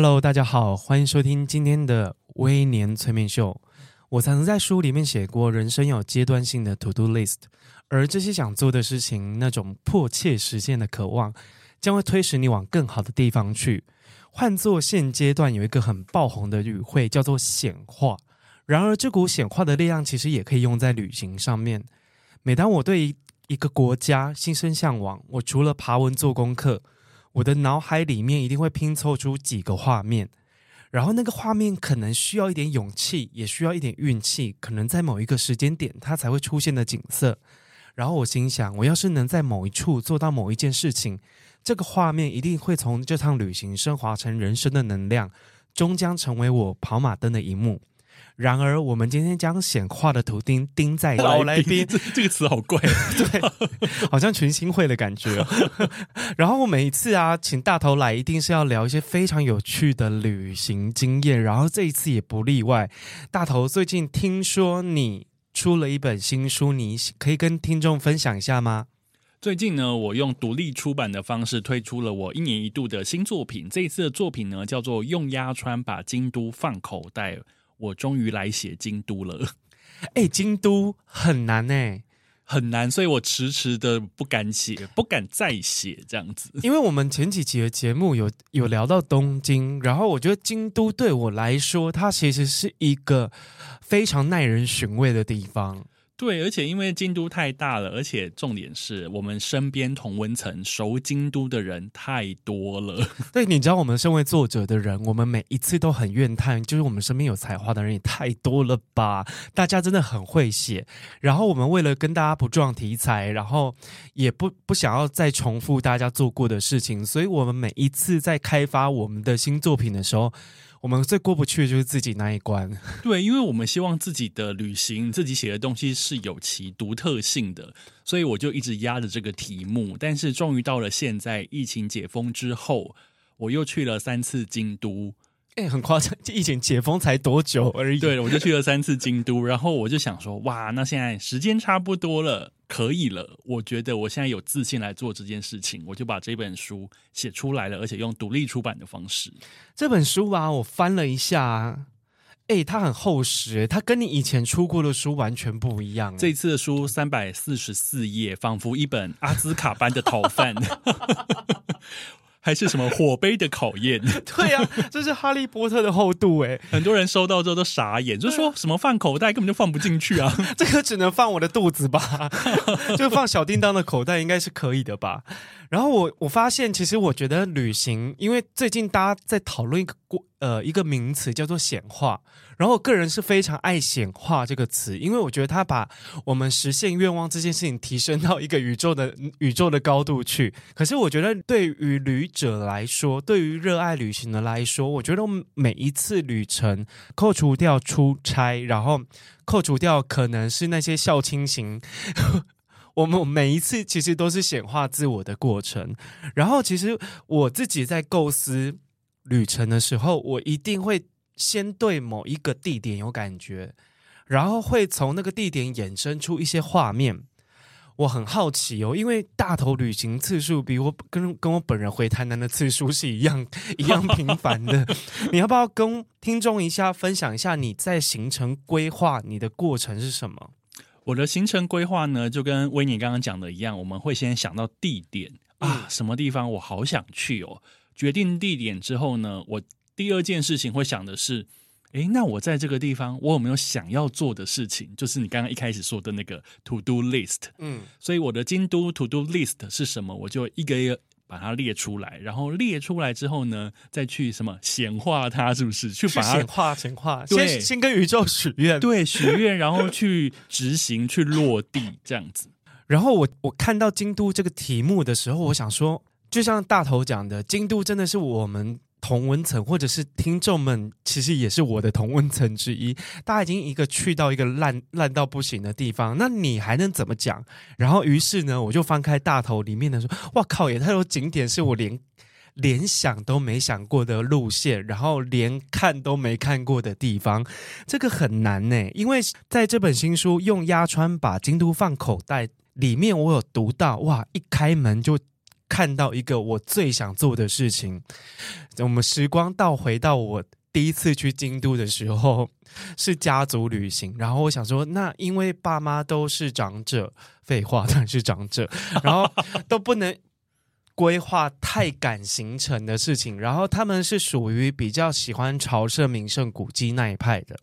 Hello，大家好，歡迎收聽今天的威廉催眠秀。我曾在書裡面寫過，人生有階段性的 to do list，而這些想做的事情，那種迫切實現的渴望，將會推使你往更好的地方去。換作現階段，有一個很爆紅的語彙叫做顯化，然而這股顯化的力量，其實也可以用在旅行上面。每當我對一個國家心生向往，我除了爬文做功課。我的腦海裡面一定會拼湊出幾個畫面，然後那個畫面可能需要一點勇氣，也需要一點運氣，可能在某一個時間點它才會出現的景色。然後我心想，我要是能在某一處做到某一件事情，這個畫面一定會從這趟旅行升華成人生的能量，終將成為我跑馬燈的一幕。然而，我們今天將顯化的圖釘釘在老來賓賓，這個詞好怪， 對，好像群星會的感覺。 然後我每一次啊，請大頭來，一定是要聊一些非常有趣的旅行經驗。然後這一次也不例外。大頭最近聽說你出了一本新書，你可以跟聽眾分享一下嗎？最近呢，我用獨立出版的方式推出了我一年一度的新作品。這一次的作品呢，叫做《用鴨川把京都放口袋》。我終於來寫京都了，哎，京都很難哎，很難，所以我遲遲的不敢寫，不敢再寫這樣子。因為我們前幾集的節目有有聊到東京，然後我覺得京都對我來說，它其實是一個非常耐人尋味的地方。對，而且因為京都太大了，而且重點是我們身邊同溫層熟京都的人太多了。對，你知道我們身為作者的人，我們每一次都很怨嘆，就是我們身邊有才華的人也太多了吧？大家真的很會寫。然後我們為了跟大家不撞題材，然後也不不想要再重複大家做過的事情，所以我們每一次在開發我們的新作品的時候。我們最過不去的就是自己那一關。對，因為我們希望自己的旅行、自己寫的東西是有其獨特性的，所以我就一直壓着這個題目。但是終於到了現在，疫情解封之後，我又去了三次京都。哎、欸，很誇張！這疫情解封才多久而已。對了，我就去了三次京都，然後我就想說，哇，那現在時間差不多了，可以了。我覺得我現在有自信來做這件事情，我就把這本書寫出來了，而且用獨立出版的方式。這本書啊，我翻了一下，哎、欸，它很厚實、欸，它跟你以前出過的書完全不一樣、欸。這次的書三百四十四頁，仿佛一本阿茲卡班的逃犯。 還是什麼火杯的考驗？ 對呀、啊，這是哈利波特的厚度哎、欸， 很多人收到之後都傻眼，就是說什麼放口袋根本就放不進去啊， 這個只能放我的肚子吧， 就放小叮當的口袋應該是可以的吧。然後我我發現，其實我覺得旅行，因為最近大家在討論一個。過呃，一個名詞叫做顯化，然後我個人是非常愛顯化這個詞，因為我覺得它把我們實現願望這件事情提升到一個宇宙的宇宙的高度去。可是我覺得對於旅者來說，對於熱愛旅行的來說，我覺得我們每一次旅程，扣除掉出差，然後扣除掉可能是那些小清行，我們每一次其實都是顯化自我的過程。然後其實我自己在構思。旅程的時候，我一定會先對某一個地點有感覺，然後會從那個地點衍生出一些畫面。我很好奇哦，因為大頭旅行次數比我跟跟我本人回台南的次數是一樣一樣頻繁的。 你要不要跟聽眾一下分享一下你在行程規劃你的過程是什麼？我的行程規劃呢，就跟威尼剛剛講的一樣，我們會先想到地點啊，是什麼地方我好想去哦。決定地點之後呢，我第二件事情會想的是，哎，那我在這個地方，我有沒有想要做的事情？就是你剛剛一開始說的那個 to do list，嗯，所以我的京都 to do list 是什麼？我就一個一個把它列出來，然後列出來之後呢，再去什麼顯化它，是不是？去把它顯化，顯化，對先先跟宇宙許願，對，許願，然後去執行， 去落地，這樣子。然後我我看到京都這個題目的時候，我想說，嗯就像大頭講的，京都真的是我們同溫層，或者是聽眾們，其實也是我的同溫層之一。大家已經一個去到一個爛爛到不行的地方，那你還能怎麼講？然後於是呢，我就翻開大頭裡面的說：“哇靠，也太多景點是我連連想都沒想過的路線，然後連看都沒看過的地方，這個很難呢、欸。因為在這本新書《用鴨川把京都放口袋》裡面，我有讀到哇，一開門就。”看到一個我最想做的事情，我們時光倒回到我第一次去京都的時候，是家族旅行。然後我想說，那因為爸媽都是長者，廢話，當然是長者，然後都不能。規劃太趕行程的事情，然後他們是屬於比較喜歡朝聖名勝古蹟那一派的。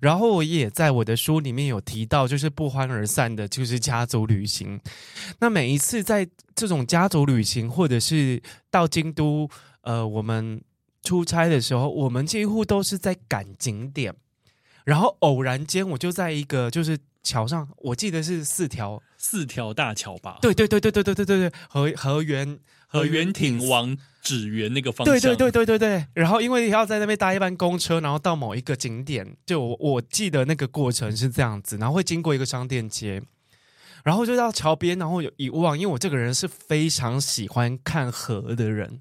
然後我也在我的書裡面有提到，就是不歡而散的，就是家族旅行。那每一次在這種家族旅行，或者是到京都，呃，我們出差的時候，我們幾乎都是在趕景點。然後偶然間，我就在一個就是。橋上，我記得是四條，四條大橋吧？對，對，對，對，對，對，對，對，對，河河原河原町往祇園那個方向。對，對，對，對，對，對。然後因為要在那邊搭一班公車，然後到某一個景點。就我，我記得那個過程是這樣子，然後會經過一個商店街，然後就到橋邊，然後有一望，因為我這個人是非常喜歡看河的人，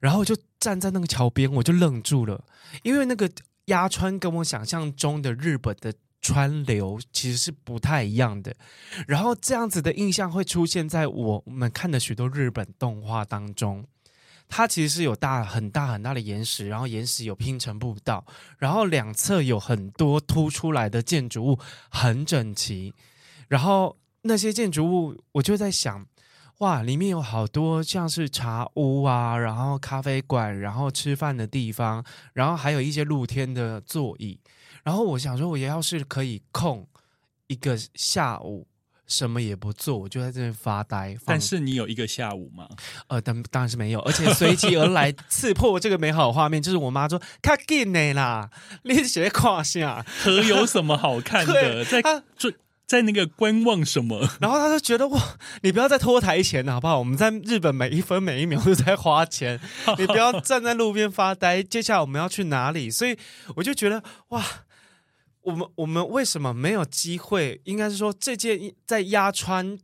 然後就站在那個橋邊，我就愣住了，因為那個鴨川跟我想象中的日本的。川流其實是不太一樣的，然後這樣子的印象會出現在我們看的許多日本動畫當中。它其實是有大很大很大的岩石，然後岩石有拼成步道，然後兩側有很多突出來的建築物，很整齊。然後那些建築物，我就在想，哇，裡面有好多像是茶屋啊，然後咖啡館，然後吃飯的地方，然後還有一些露天的座椅。然後我想說，我要是可以空一個下午什麼也不做，我就在這邊發呆。但是你有一個下午嗎？呃，當當然是沒有，而且隨即而來 刺破這個美好的畫面，就是我媽說：“卡吉內啦，你鞋胯下，河有什麼好看的？ 對在、啊、在在那個觀望什麼？”然後她就覺得哇，你不要再拖台錢好不好？我們在日本每一分每一秒都在花錢， 你不要站在路邊發呆。接下來我們要去哪裡？所以我就覺得哇。我們我們為什麼沒有機會？應該是說，這件在鴨川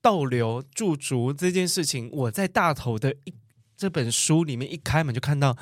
逗留駐足這件事情，我在大頭的一這本書裡面一開門就看到，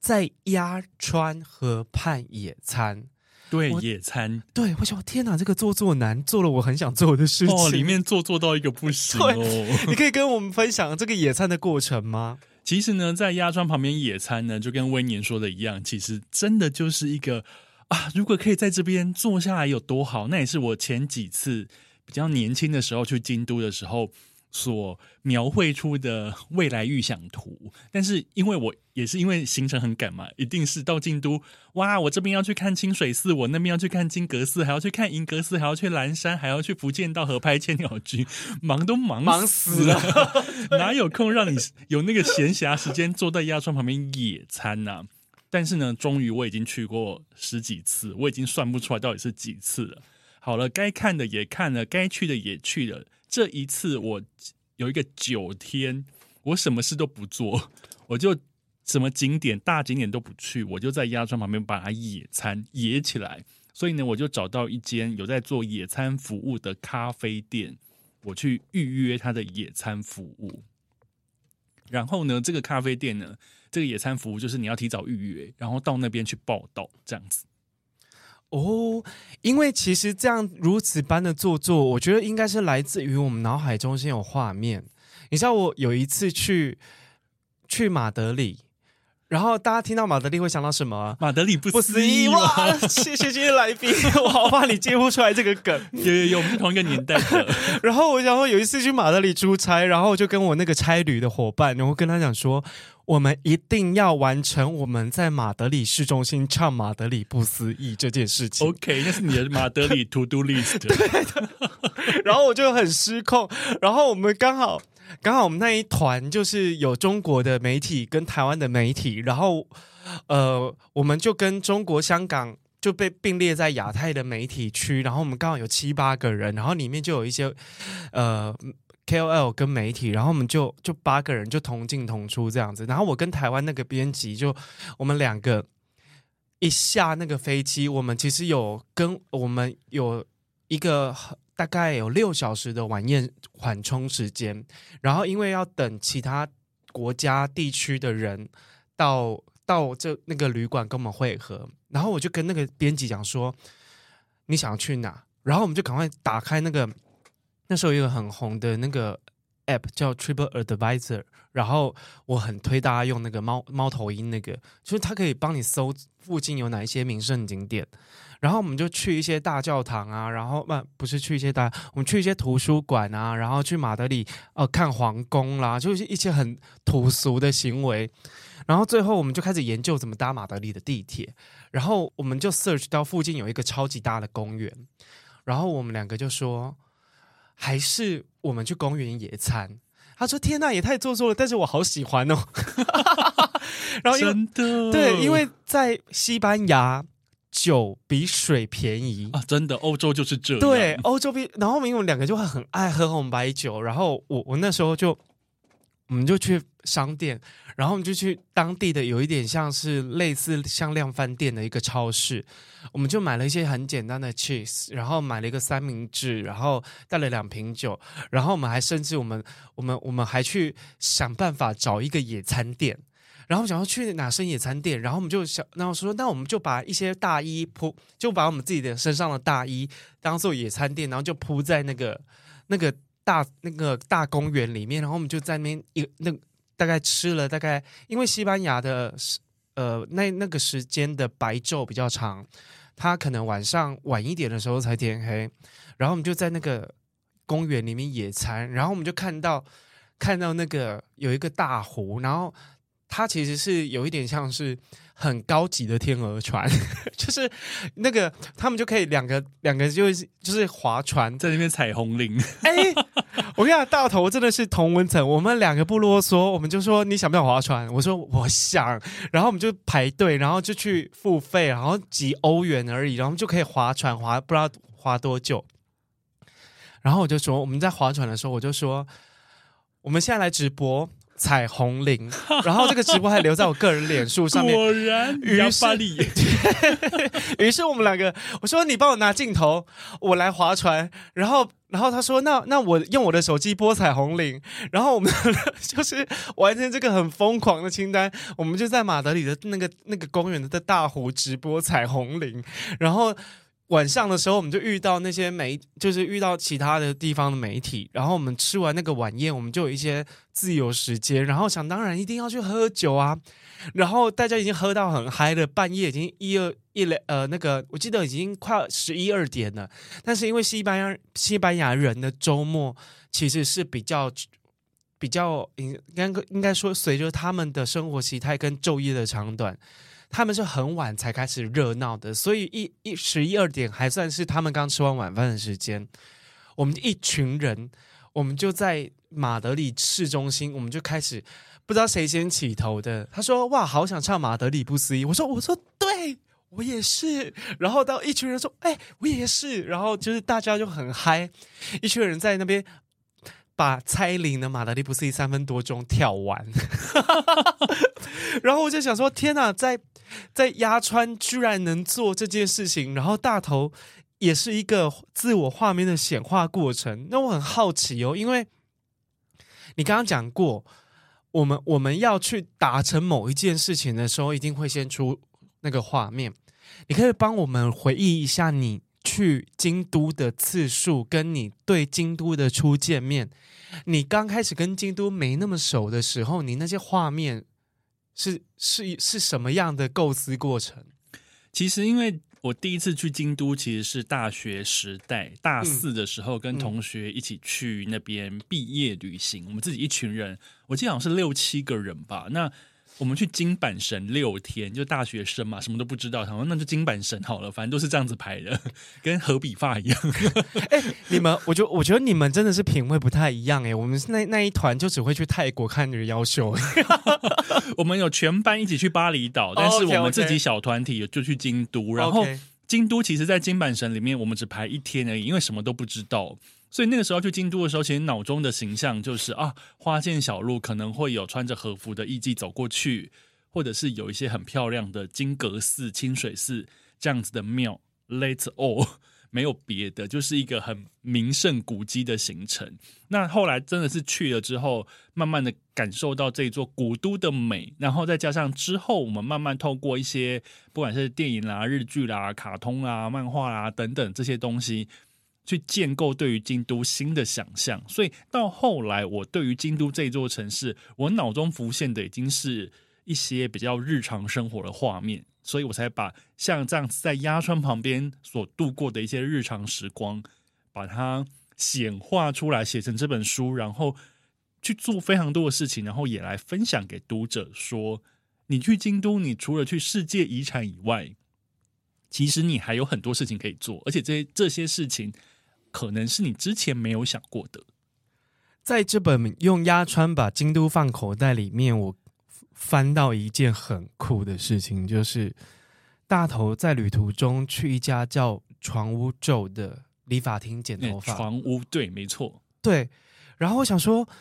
在鴨川河畔野餐。對，我野餐。對，我想，天哪，這個做作男做了我很想做的事情，哦、裡面做做到一個不行、哦。 對，你可以跟我們分享這個野餐的過程嗎？其實呢，在鴨川旁邊野餐呢，就跟威廉說的一樣，其實真的就是一個。啊！如果可以在這邊坐下來有多好，那也是我前幾次比較年輕的時候去京都的時候所描繪出的未來預想圖。但是因為我也是因為行程很趕嘛，一定是到京都哇！我這邊要去看清水寺，我那邊要去看金閣寺，還要去看銀閣寺，還要去嵐山，還要去伏見稻荷拍千鳥居，忙都忙死忙死了， 哪有空讓你有那個閒暇時間坐在鴨川旁邊野餐啊？但是呢，終於我已經去過十幾次，我已經算不出來到底是幾次了。好了，該看的也看了，該去的也去了。這一次我有一個九天，我什麼事都不做，我就什麼景點大景點都不去，我就在鴨川旁邊把它野餐野起來。所以呢，我就找到一間有在做野餐服務的咖啡店，我去預約他的野餐服務。然後呢，這個咖啡店呢。這個野餐服務就是你要提早預約，然後到那邊去報到，這樣子。哦，oh, 因為其實這樣如此般的做作、作，我覺得應該是來自於我們腦海中先有畫面。你知道我有一次去去馬德里。然後大家聽到馬德里會想到什麼，啊？馬德里不思議哇！哇，謝謝今天來賓， 我好怕你接不出來這個梗。有有 有，我們同一個年代的。然後我想說，有一次去馬德里出差，然後就跟我那個差旅的夥伴，然後跟他講說，我們一定要完成我們在馬德里市中心唱《馬德里不思議》這件事情。OK，那是你的馬德里 To Do List。 對的。然後我就很失控，然後我們剛好。剛好我們那一團就是有中國的媒體跟台灣的媒體，然後，呃，我們就跟中國香港就被並列在亞太的媒體區，然後我們剛好有七八個人，然後裡面就有一些呃 KOL 跟媒體，然後我們就就八個人就同進同出這樣子，然後我跟台灣那個編輯就我們兩個一下那個飛機，我們其實有跟我們有一個很。大概有六小時的晚宴緩衝時間，然後因為要等其他國家地區的人到到這那個旅館跟我們會合，然後我就跟那個編輯講說：“你想要去哪？”然後我們就趕快打開那個那時候有一個很紅的那個。app 叫 TripAdvisor，然後我很推大家用那個貓貓頭鷹那個，就是它可以幫你搜附近有哪一些名勝景點。然後我們就去一些大教堂啊，然後不、啊、不是去一些大，我們去一些圖書館啊，然後去馬德里呃看皇宮啦，就是一些很土俗的行為。然後最後我們就開始研究怎麼搭馬德里的地鐵，然後我們就 search 到附近有一個超級大的公園，然後我們兩個就說。還是我們去公園野餐。他說：“天吶，也太做作了，但是我好喜歡哦。 ”然後真的對，因為在西班牙酒比水便宜啊，真的，歐洲就是這樣。對，歐洲比然後我們兩個就會很愛喝紅白酒。然後我我那時候就。我們就去商店，然後我們就去當地的有一點像是類似像量販店的一個超市，我們就買了一些很簡單的 cheese，然後買了一個三明治，然後帶了兩瓶酒，然後我們還甚至我們我們我們還去想辦法找一個野餐墊，然後想要去哪生野餐墊，然後我們就想，然後說，那我們就把一些大衣鋪，就把我們自己的身上的大衣當做野餐墊，然後就鋪在那個那個。大那個大公園裡面，然後我們就在那一那大概吃了大概，因為西班牙的呃那那個時間的白晝比較長，它可能晚上晚一點的時候才天黑，然後我們就在那個公園裡面野餐，然後我們就看到看到那個有一個大湖，然後它其實是有一點像是。很高級的天鵝船， 就是那個他們就可以兩個兩個就是就是划船在那邊採紅菱。哎、 欸，我跟你講，大頭真的是同溫層，我們兩個不囉嗦，我們就說你想不想划船？我說我想，然後我們就排隊，然後就去付費，然後幾歐元而已，然後就可以划船划不知道划多久。然後我就說我們在划船的時候，我就說我們現在來直播。彩虹鈴，然後這個直播還留在我個人臉書上面。 果然，於是我們兩個，我說你幫我拿鏡頭，我來划船。然後，然後他說那那我用我的手機播彩虹鈴。然後我們就是完成這個很瘋狂的清單。我們就在馬德里的那個那個公園的大湖直播彩虹鈴。然後。晚上的時候，我們就遇到那些媒，就是遇到其他的地方的媒體。然後我們吃完那個晚宴，我們就有一些自由時間。然後想當然一定要去喝酒啊。然後大家已經喝到很嗨了，半夜已經一二一兩呃，那個我記得已經快十一二點了。但是因為西班牙西班牙人的周末其實是比較比較應該應該說隨着他們的生活型態跟晝夜的長短。他們是很晚才開始熱鬧的，所以一一十一二點還算是他們剛吃完晚飯的時間。我們一群人，我們就在馬德里市中心，我們就開始不知道誰先起頭的。他說：“哇，好想唱《馬德里不思議》。”我說：“我說對，我也是。”然後到一群人說：“哎，我也是。”然後就是大家就很嗨，一群人在那邊。把蔡依林的馬德里不思議三分多鐘跳完， 然後我就想說：天吶、啊，在在鴨川居然能做這件事情！然後大頭也是一個自我畫面的顯化過程。那我很好奇哦，因為你剛剛講過，我們我們要去達成某一件事情的時候，一定會先出那個畫面。你可以幫我們回憶一下你。去京都的次數，跟你對京都的初見面，你剛開始跟京都沒那麼熟的時候，你那些畫面是是是，是什麼樣的構思過程？其實，因為我第一次去京都其實是大學時代，大四的時候跟同學一起去那邊畢業旅行，嗯嗯，我們自己一群人，我記得好像是六七個人吧。那我們去京阪神六天，就大學生嘛，什麼都不知道，他說那就京阪神好了，反正都是這樣子排的，跟何筆發一樣。哎、 欸，你們，我就我覺得你們真的是品味不太一樣哎、欸。我們那那一團就只會去泰國看女妖秀， 我們有全班一起去巴厘島，oh, okay, okay. 但是我們自己小團體就去京都，然後京都其實，在京阪神裡面我們只排一天而已，因為什麼都不知道。所以那個時候去京都的時候，其實腦中的形象就是啊，花見小路可能會有穿着和服的藝妓走過去，或者是有一些很漂亮的金閣寺、清水寺這樣子的廟。Let's all 沒有別的，就是一個很名勝古蹟的行程。那後來真的是去了之後，慢慢的感受到這一座古都的美，然後再加上之後我們慢慢透過一些不管是電影啦、日劇啦、卡通啦、漫畫啦等等這些東西。去建構對於京都新的想象，所以到後來，我對於京都這座城市，我腦中浮現的已經是一些比較日常生活的畫面，所以我才把像這樣子在鴨川旁邊所度過的一些日常時光，把它顯化出來，寫成這本書，然後去做非常多的事情，然後也來分享給讀者說，你去京都，你除了去世界遺產以外，其實你還有很多事情可以做，而且這些這些事情。可能是你之前沒有想過的。在這本用鴨川把京都放口袋裡面，我翻到一件很酷的事情，嗯、就是大頭在旅途中去一家叫床屋 Joe 的理髮廳剪頭髮。嗯、床屋對，沒錯，對。然後我想說。嗯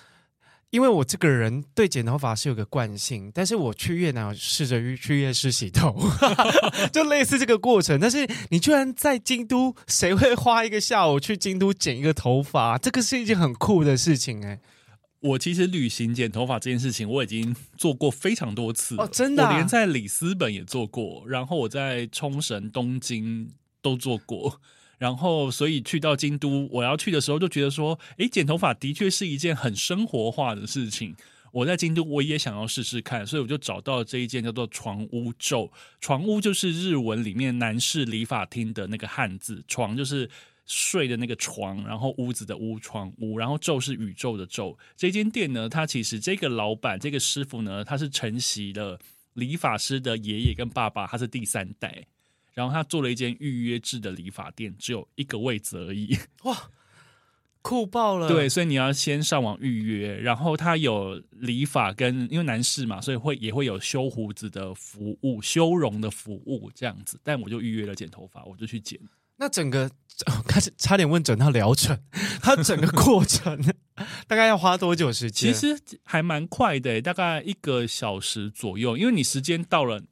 因為我這個人對剪頭髮是有個慣性，但是我去越南我試着去去越式洗頭， 就類似這個過程。但是你居然在京都，誰會花一個下午去京都剪一個頭髮？這個是一件很酷的事情哎、欸！我其實旅行剪頭髮這件事情，我已經做過非常多次哦，真的、啊。我連在里斯本也做過，然後我在沖繩、東京都做過。然後，所以去到京都，我要去的時候就覺得說，哎，剪頭髮的確是一件很生活化的事情。我在京都，我也想要試試看，所以我就找到了這一間叫做“床屋咒”。床屋就是日文裡面男士理髮廳的那個漢字，床就是睡的那個床，然後屋子的屋，床屋，然後咒是宇宙的咒。這間店呢，它其實這個老闆、這個師傅呢，他是承襲了理髮師的爺爺跟爸爸，他是第三代。然後他做了一間預約制的理髮店，只有一個位置而已。哇，酷爆了！對，所以你要先上網預約。然後他有理髮跟因為男士嘛，所以會也會有修胡子的服務、修容的服務這樣子。但我就預約了剪頭髮，我就去剪。那整個、哦、開始差點問整套療程，他整個過程 大概要花多久時間？其實還蠻快的，大概一個小時左右。因為你時間到了。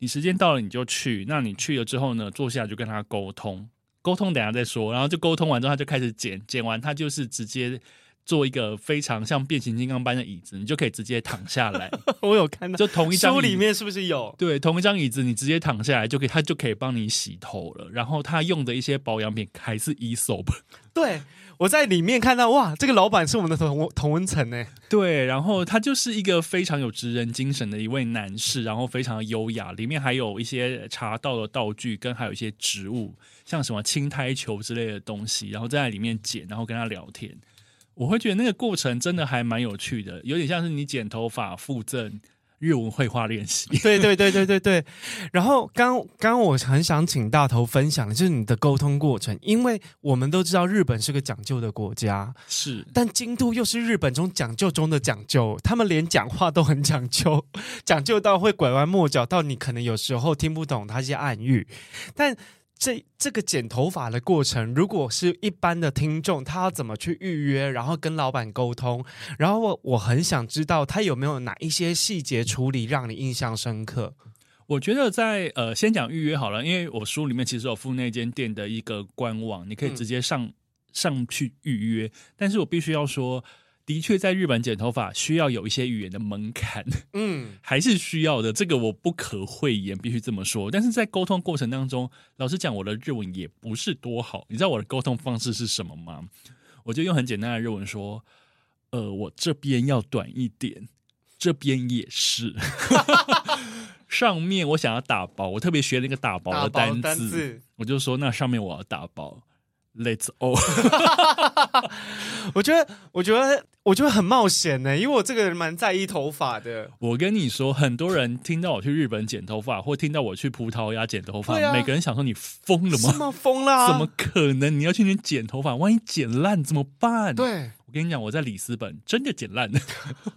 你時間到了你就去，那你去了之後呢？坐下就跟他溝通，溝通等下再說，然後就溝通完之後他就開始剪，剪完他就是直接。做一個非常像變形金剛般的椅子，你就可以直接躺下來。 我有看到，就同一張書裡面是不是有？對，同一張椅子，你直接躺下來就可以，他就可以幫你洗頭了。然後他用的一些保養品還是 Aesop。對，我在裡面看到，哇，這個老闆是我們的同同溫層呢、欸。對，然後他就是一個非常有職人精神的一位男士，然後非常的優雅。裡面還有一些茶道的道具，跟還有一些植物，像什麼青苔球之類的東西，然後在裡面剪，然後跟他聊天。我會覺得那個過程真的還蠻有趣的，有點像是你剪頭髮附贈日文會話練習。對對對對對對。然後剛剛我很想請大頭分享的就是你的溝通過程，因為我們都知道日本是個講究的國家，是。但京都又是日本中講究中的講究，他們連講話都很講究，講究到會拐彎抹角，到你可能有時候聽不懂他一些暗語，但。這這個剪頭髮的過程，如果是一般的聽眾，他要怎麼去預約，然後跟老闆溝通？然後我很想知道他有沒有哪一些細節處理讓你印象深刻？我覺得在呃，先講預約好了，因為我書裡面其實有附那間店的一個官網，你可以直接上、嗯、上去預約。但是我必須要說。的確，在日本剪頭髮需要有一些語言的門檻，嗯，還是需要的。這個我不可諱言，必須這麼說。但是在溝通過程當中，老實講，我的日文也不是多好。你知道我的溝通方式是什麼嗎？我就用很簡單的日文說：“呃，我這邊要短一點，這邊也是。 上面我想要打薄，我特別學了一個打薄的單字，單字我就說那上面我要打薄。Let's all。 我覺得，我覺得。我覺得很冒險呢，欸，因為我這個人蠻在意頭髮的。我跟你說，很多人聽到我去日本剪頭髮，或聽到我去葡萄牙剪頭髮，啊、每個人想說：“你瘋了嗎？怎麼瘋了，啊？怎麼可能？你要去那剪頭髮，萬一剪爛怎麼辦？”對，我跟你講，我在里斯本真的剪爛了。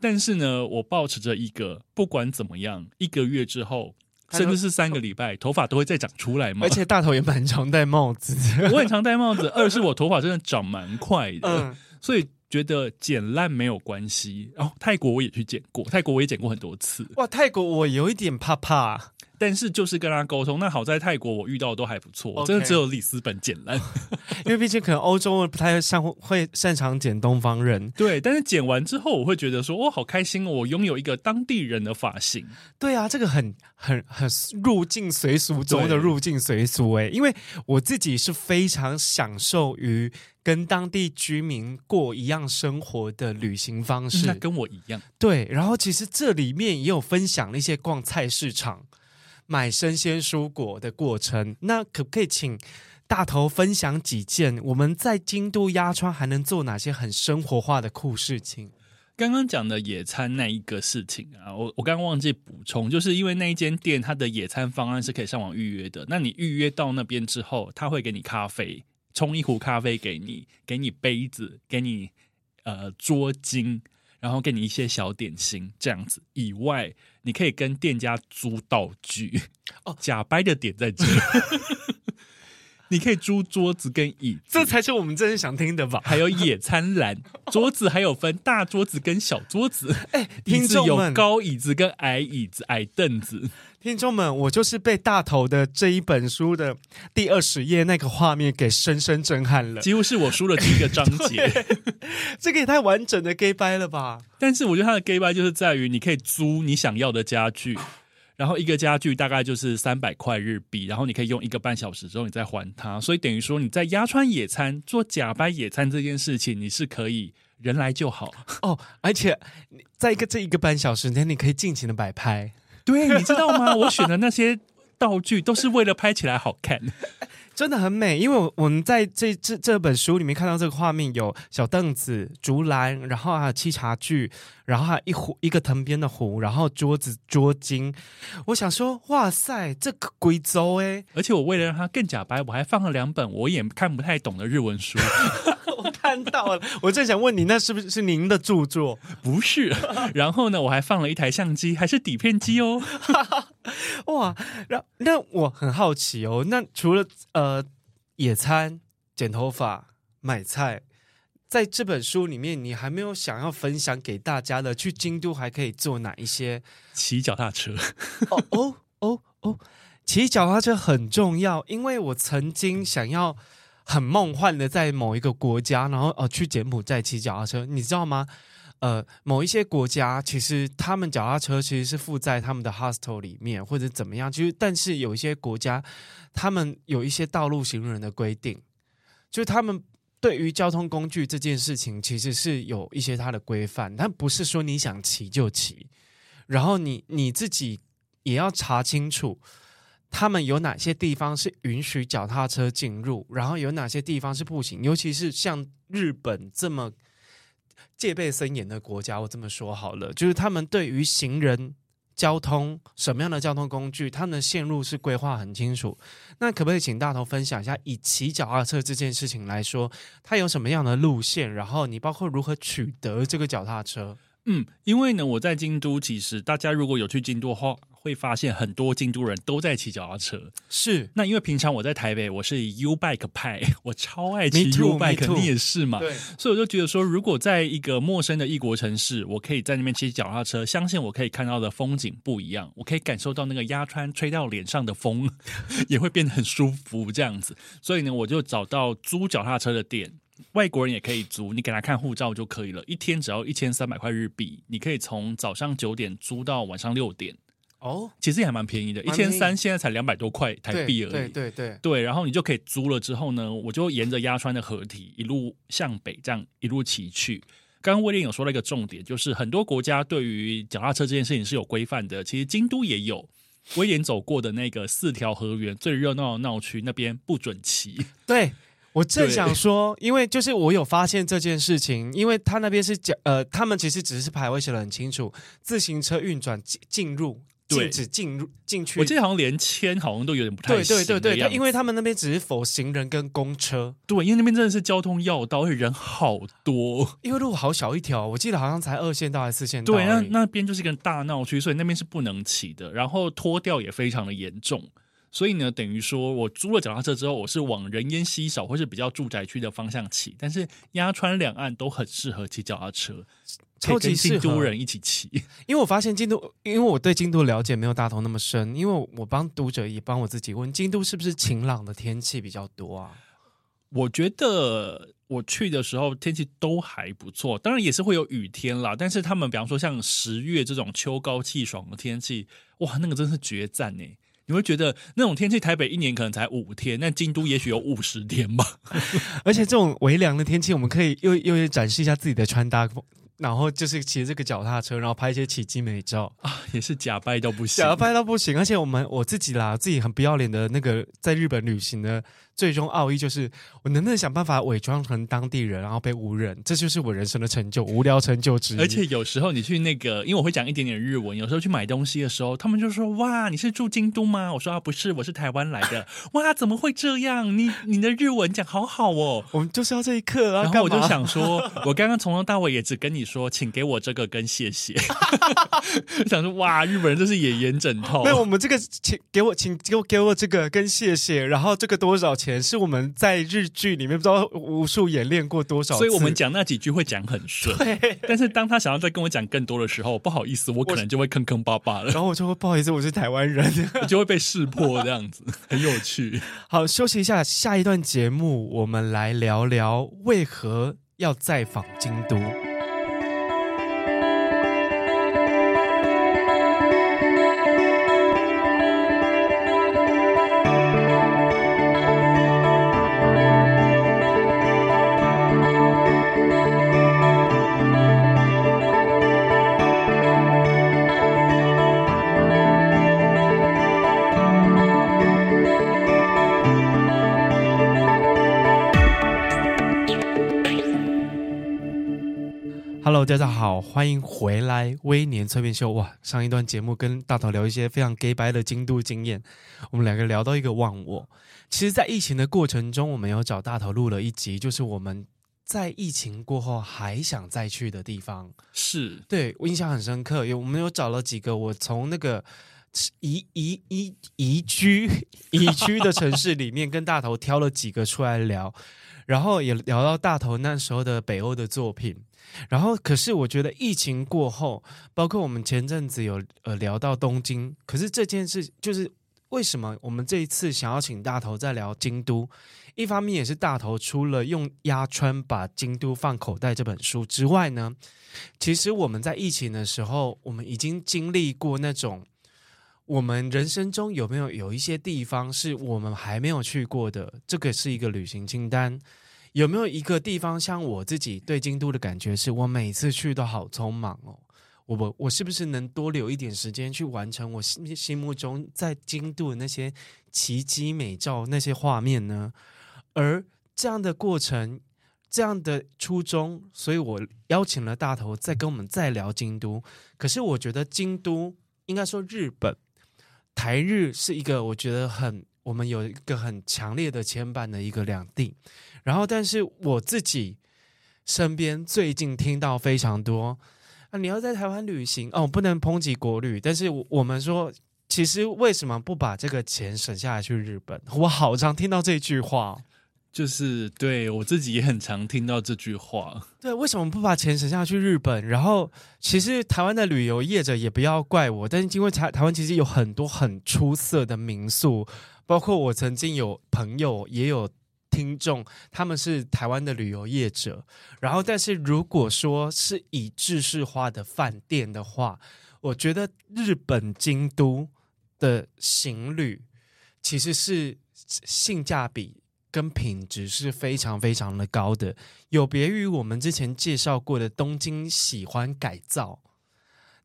但是呢，我保持着一個，不管怎麼樣，一個月之後，甚至是三個禮拜，都頭髮都會再長出來嘛。而且大頭也蠻常戴帽子， 我很常戴帽子。二是我頭髮真的長蠻快的，嗯，所以。覺得剪爛沒有關係。哦，泰國我也去剪過，泰國我也剪過很多次。哇，泰國我有一點怕怕。但是就是跟他溝通，那好在泰國我遇到的都還不錯，Okay 真的只有里斯本剪爛， 因為畢竟可能歐洲不太像會擅長剪東方人。對，但是剪完之後我會覺得說，我、哦、好開心、哦，我擁有一個當地人的髮型。對啊，這個很很很入境隨俗中的入境隨俗。哎對，因為我自己是非常享受於跟當地居民過一樣生活的旅行方式，那跟我一樣。對，然後其實這裡面也有分享那些逛菜市場。買生鮮蔬果的過程，那可不可以請大頭分享幾件我們在京都鴨川還能做哪些很生活化的酷事情？剛剛講的野餐那一個事情啊，我我剛剛忘記補充，就是因為那一間店它的野餐方案是可以上網預約的。那你預約到那邊之後，他會給你咖啡，沖一壺咖啡給你，給你杯子，給你呃桌巾。然後給你一些小點心，這樣子以外，你可以跟店家租道具哦。假掰的點在這 你可以租桌子跟椅子，這才是我們真正想聽的吧？還有野餐籃、哦、桌子，還有分大桌子跟小桌子。哎，聽眾們，椅子有高椅子跟矮椅子，矮凳子。聽眾們，我就是被大頭的這一本書的第二十頁那個畫面給深深震撼了，幾乎是我書的第一個章節。 這個也太完整的 gay 掰了吧？但是我覺得它的 gay 掰就是在於你可以租你想要的家具，然後一個家具大概就是三百塊日幣，然後你可以用一個半小時之後你再還它，所以等於說你在鴨川野餐做假掰野餐這件事情，你是可以人來就好哦， 而且在一個這一個半小時間，你可以盡情的擺拍。對，你知道嗎？我選的那些道具都是為了拍起來好看。 真的很美，因為我我們在這這這本書裡面看到這個畫面，有小凳子、竹籃，然後還有沏茶具，然後還有一壺一個藤編的壺，然後桌子桌巾。我想說，哇塞，這個講究哎！而且我為了讓它更假掰，我還放了兩本我也看不太懂的日文書。 我看到了， 我正想問你，那是不是是您的著作？不是。然後呢，我還放了一台相機，還是底片機哦。 哇然，那我很好奇哦，那除了呃。呃，野餐、剪頭髮、買菜，在這本書裡面，你還沒有想要分享給大家的，去京都還可以做哪一些？騎腳踏車。哦哦哦哦，騎腳踏車很重要，因為我曾經想要很夢幻的在某一個國家，然後哦去柬埔寨騎腳踏車，你知道嗎？呃，某一些國家其實他們腳踏車其實是附在他們的 hostel 裡面或者怎麼樣，就是但是有一些國家他們有一些道路行人的規定，就是他們對於交通工具這件事情其實是有一些它的規範，但不是說你想騎就騎，然後你你自己也要查清楚他們有哪些地方是允許腳踏車進入，然後有哪些地方是不行，尤其是像日本這麼。戒備森嚴的國家，我這麼說好了，就是他們對於行人、交通什麼樣的交通工具，他們的線路是規劃很清楚。那可不可以請大頭分享一下，以騎腳踏車這件事情來說，它有什麼樣的路線？然後你包括如何取得這個腳踏車？嗯，因為呢，我在京都，其實大家如果有去京都的話，會發現很多京都人都在騎腳踏車，是那因為平常我在台北，我是 U Bike 派，我超愛騎 U Bike。錯你也是嘛？對所以我就覺得說，如果在一個陌生的異國城市，我可以在那邊騎腳踏車，相信我可以看到的風景不一樣，我可以感受到那個鴨川吹到臉上的風，也會變得很舒服這樣子。所以呢，我就找到租腳踏車的店，外國人也可以租，你給他看護照就可以了，一天只要一千三百塊日幣，你可以從早上九點租到晚上六點。哦，oh? 其實也還蠻便宜的，一千三現在才兩百多塊台幣而已。對對對，對，對，對，對，然後你就可以租了之後呢，我就沿着鴨川的河堤一路向北，這樣一路騎去。剛剛威廉有說到一個重點，就是很多國家對於腳踏車這件事情是有規範的，其實京都也有。威廉走過的那個四條河原 最熱鬧的鬧區那邊不准騎。對，我正想說，對因為就是我有發現這件事情，因為他那邊是腳呃，他們其實只是牌位寫得很清楚，自行車運轉進入。對，禁止進入進去，我記得好像連牽好像都有點不太對。對對對，因為他們那邊只是否行人跟公車，對，因為那邊真的是交通要道，因為人好多，因為路好小一條，我記得好像才二線道還是四線道，對，那那邊就是一個大鬧區，所以那邊是不能騎的，然後拖吊也非常的嚴重。所以呢，等於說我租了腳踏車之後，我是往人煙稀少或是比較住宅區的方向騎。但是鴨川兩岸都很適合騎腳踏車，超級適合跟京都人一起騎。因為我發現京都，因為我對京都的了解沒有大頭那麼深，因為我幫讀者也幫我自己問，京都是不是晴朗的天氣比較多啊？我覺得我去的時候天氣都還不錯，當然也是會有雨天啦。但是他們比方說像十月這種秋高氣爽的天氣，哇，那個真是絕讚呢、欸。你會覺得那種天氣，台北一年可能才五天，但京都也許有五十天吧。而且這種微涼的天氣，我們可以又，又又展示一下自己的穿搭，然後就是騎着這個腳踏車，然後拍一些奇蹟美照啊，也是假掰到不行，假掰到不行。而且我們我自己啦，自己很不要臉的那個，在日本旅行呢。最終奧義就是我能不能想辦法偽裝成當地人，然後被誤認，這就是我人生的成就，無聊成就之一。而且有時候你去那個，因為我會講一點點日文，有時候去買東西的時候，他們就說：“哇，你是住京都嗎？”我說：“啊，不是，我是台灣來的。”“哇，怎麼會這樣？你你的日文講好好哦。”我們就是要這一刻，啊。那我就想說，我剛剛從頭到尾也只跟你說，請給我這個跟謝謝。 想說哇，日本人真是也嚴枕頭，那我們這個請給我，請給我給我這個跟謝謝，然後這個多少錢？是我們在日劇裡面不知道無數演練過多少，所以我們講那幾句會講很順。對但是當他想要再跟我講更多的時候，不好意思，我可能就會坑坑巴巴了。然後我就會不好意思，我是台灣人，我就會被識破這樣子， 很有趣。好，休息一下，下一段節目我們來聊聊為何要再訪京都。Hello，大家好，歡迎回來《微年脫變秀》。哇，上一段節目跟大頭聊一些非常 gay bar 的京都經驗，我們兩個聊到一個忘我。其實，在疫情的過程中，我們有找大頭錄了一集，就是我們在疫情過後還想再去的地方。是，對，我印象很深刻。有，我們有找了幾個，我從那個移宜宜宜居宜居的城市裡面，跟大頭挑了幾個出來聊。 然後也聊到大頭那時候的北歐的作品，然後可是我覺得疫情過後，包括我們前陣子有呃聊到東京，可是這件事就是為什麼我們這一次想要請大頭再聊京都？一方面也是大頭除了用鴨川把京都放口袋這本書之外呢，其實我們在疫情的時候，我們已經經歷過那種。我們人生中有沒有有一些地方是我們還沒有去過的？這個是一個旅行清單。有沒有一個地方像我自己對京都的感覺，是我每次去都好匆忙哦。我我我是不是能多留一點時間去完成我心心目中在京都的那些奇蹟美照、那些畫面呢？而這樣的過程，這樣的初衷，所以我邀請了大頭再跟我們再聊京都。可是我覺得京都應該說日本。台日是一個我覺得很，我們有一個很強烈的牽絆的一個兩地，然後但是我自己身邊最近聽到非常多，啊你要在台灣旅行哦，不能抨擊國旅，但是我們說其實為什麼不把這個錢省下來去日本？我好常聽到這句話哦。就是對我自己也很常聽到這句話。對，為什麼不把錢省下去日本？然後，其實台灣的旅遊業者也不要怪我，但是因為台台灣其實有很多很出色的民宿，包括我曾經有朋友也有聽眾，他們是台灣的旅遊業者。然後，但是如果說是以制式化的飯店的話，我覺得日本京都的行旅其實是性價比，跟品質是非常非常的高的，有別於我們之前介紹過的東京喜歡改造，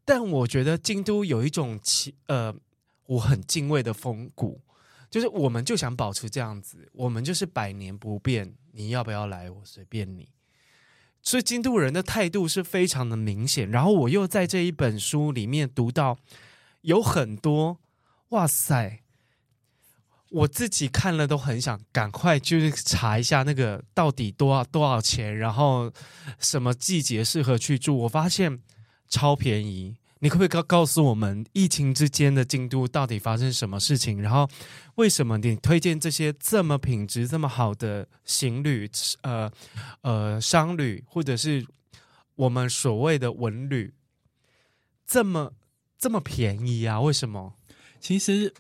但我覺得京都有一種其呃我很敬畏的風骨，就是我們就想保持這樣子，我們就是百年不變，你要不要來我隨便你，所以京都人的態度是非常的明顯。然後我又在這一本書裡面讀到有很多，哇塞！我自己看了都很想趕快，就是查一下那個到底多少多少錢，然後什麼季節適合去住。我發現超便宜，你可不可以告告訴我們，疫情之間的京都到底發生什麼事情？然後為什麼你推薦這些這麼品質這麼好的行旅，呃呃商旅，或者是我們所謂的文旅，這麼這麼便宜啊？為什麼？其實。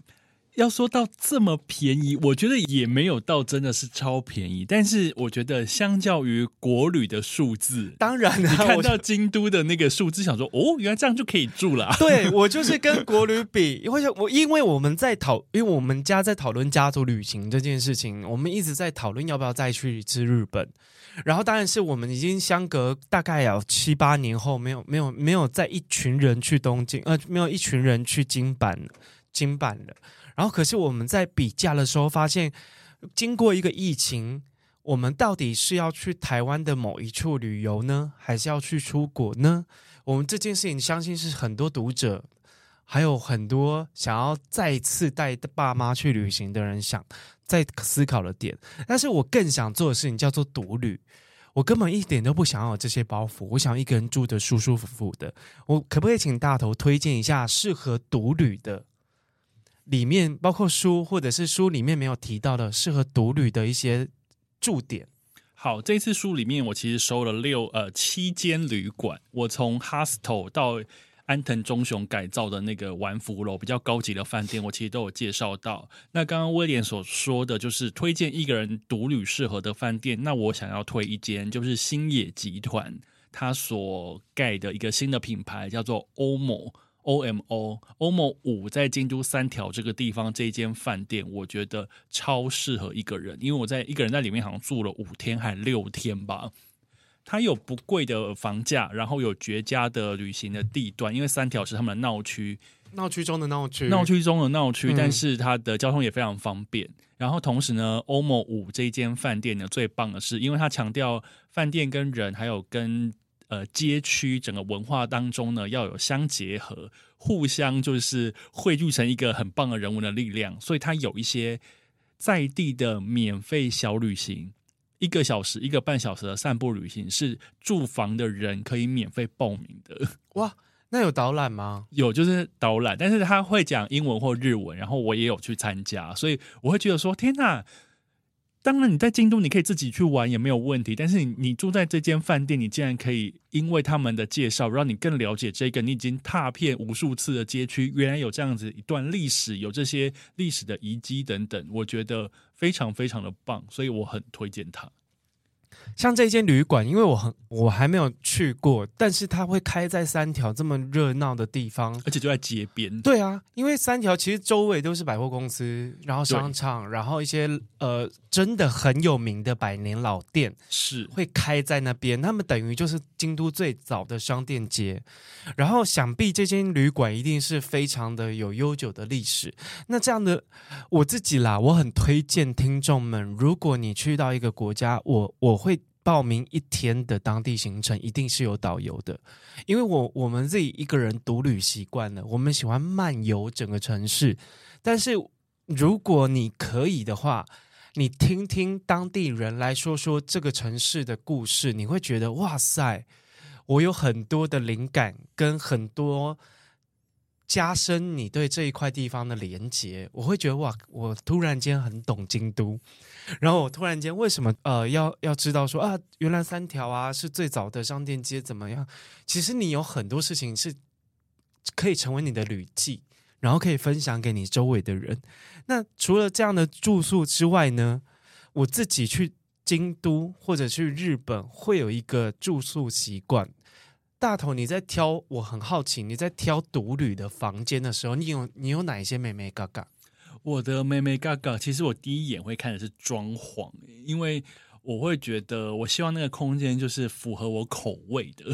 要說到這麼便宜，我覺得也沒有到真的是超便宜，但是我覺得相較於國旅的數字，當然、啊、你看到京都的那個數字，想說哦，原來這樣就可以住了、啊。對我就是跟國旅比，因為 我因為我們在討，因為我們家在討論家族旅行這件事情，我們一直在討論要不要再去一次日本。然後當然是我們已經相隔大概有七八年後，沒有沒有沒有再一群人去東京，呃，沒有一群人去京阪京阪了。然後，可是我們在比較的時候發現，經過一個疫情，我們到底是要去台灣的某一處旅遊呢，還是要去出國呢？我們這件事情，相信是很多讀者，還有很多想要再次帶爸媽去旅行的人想在思考的點。但是我更想做的事情叫做獨旅，我根本一點都不想要這些包袱，我想一個人住的舒舒服服的。我可不可以請大頭推薦一下適合獨旅的？裡面包括書，或者是書裡面沒有提到的適合獨旅的一些住點。好，這次書裡面我其實收了六呃七間旅館，我從 hostel 到安藤忠雄改造的那個丸福樓比較高級的飯店，我其實都有介紹到。那剛剛威廉所說的就是推薦一個人獨旅適合的飯店，那我想要推一間就是星野集團他所蓋的一個新的品牌叫做 OMO。OMO OMO 五在京都三條這個地方，這一間飯店，我覺得超適合一個人，因為我在一個人在裡面好像住了五天還是六天吧。它有不貴的房價，然後有絕佳的旅行的地段，因為三條是他們的鬧區，鬧區中的鬧區，鬧區中的鬧區。但是它的交通也非常方便。嗯、然後同時呢，OMO 五這間飯店呢最棒的是，因為它強調飯店跟人還有跟。呃，街區整個文化當中呢，要有相結合，互相就是匯聚成一個很棒的人文的力量。所以它有一些在地的免費小旅行，一個小時、一個半小時的散步旅行是住房的人可以免費報名的。哇，那有導覽嗎？有，就是導覽，但是他會講英文或日文。然後我也有去參加，所以我會覺得說，天哪！當然，你在京都你可以自己去玩也沒有問題。但是你你住在這間飯店，你竟然可以因為他們的介紹讓你更了解這個，你已經踏遍無數次的街區，原來有這樣子一段歷史，有這些歷史的遺跡等等，我覺得非常非常的棒，所以我很推薦他。像這間旅館，因為我很，我還沒有去過，但是它會開在三條這麼熱鬧的地方，而且就在街邊。對啊，因為三條其實周圍都是百貨公司，然後商場，對然後一些呃真的很有名的百年老店是會開在那邊。他們等於就是京都最早的商店街。然後想必這間旅館一定是非常的有悠久的歷史。那這樣的，我自己啦，我很推薦聽眾們，如果你去到一個國家，我，我會。報名一天的當地行程，一定是有導遊的，因為我我們自己一個人獨旅習慣了，我們喜歡漫遊整個城市。但是如果你可以的話，你聽聽當地人來說說這個城市的故事，你會覺得哇塞，我有很多的靈感跟很多加深你對這一塊地方的連接。我會覺得哇，我突然間很懂京都。然後我突然間，為什麼呃，要要知道說啊，原來三條啊是最早的商店街怎麼樣？其實你有很多事情是，可以成為你的旅記，然後可以分享給你周圍的人。那除了這樣的住宿之外呢，我自己去京都或者去日本會有一個住宿習慣。大頭，你在挑，我很好奇你在挑獨旅的房間的時候，你有你有哪一些眉眉角角？我的妹妹嘎嘎，其實我第一眼會看的是裝潢，因為我會覺得我希望那個空間就是符合我口味的。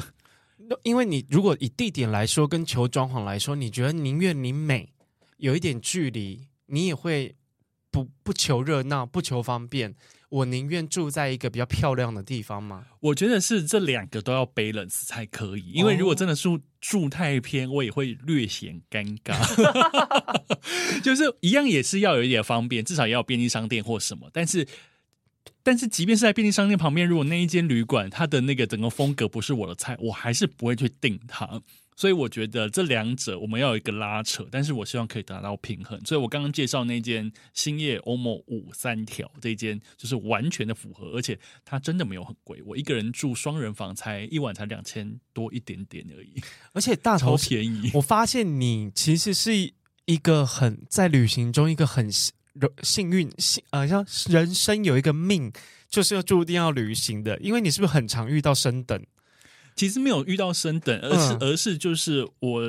因為你如果以地點來說，跟求裝潢來說，你覺得寧願你美有一點距離，你也會不不求熱鬧，不求方便，我寧願住在一個比較漂亮的地方嗎？我覺得是這兩個都要 balance 才可以，因為如果真的住。哦住太偏，我也會略顯尷尬， 就是一樣也是要有一點方便，至少要有便利商店或什麼。但是，但是即便是在便利商店旁邊，如果那一間旅館它的那個整個風格不是我的菜，我還是不會去訂它。所以我覺得這兩者我們要有一個拉扯，但是我希望可以達到平衡。所以我剛剛介紹那間星野 OMO5 三條，這間就是完全的符合，而且它真的沒有很貴，我一個人住雙人房才一晚才兩千多一點點而已，而且大頭便宜。我發現你其實是一個很在旅行中一個很幸運幸運幸啊，像人生有一個命就是要注定要旅行的，因為你是不是很常遇到升等？其實沒有遇到升等，而是，嗯、而是就是我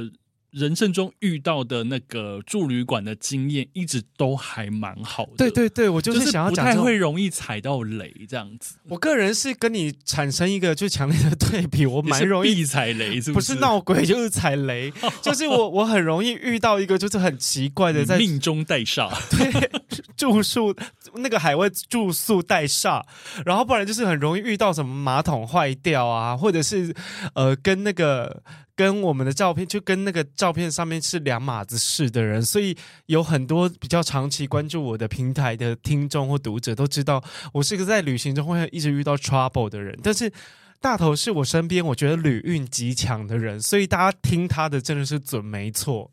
人生中遇到的那個住旅館的經驗，一直都還蠻好的。對對對，我就是想要講不太會容易踩到雷這樣子。我個人是跟你產生一個最強烈的對比，我蠻容易是踩雷，是不是？不是鬧鬼就是踩雷， 就是我我很容易遇到一個就是很奇怪的在，在命中帶煞。對。 住宿那個海外住宿帶衰，然後不然就是很容易遇到什麼馬桶壞掉啊，或者是呃跟那個跟我們的照片就跟那個照片上面是兩碼子事的人，所以有很多比較長期關注我的平台的聽眾或讀者都知道，我是個在旅行中會一直遇到 trouble 的人，但是大頭是我身邊我覺得旅運極強的人，所以大家聽他的真的是準沒錯。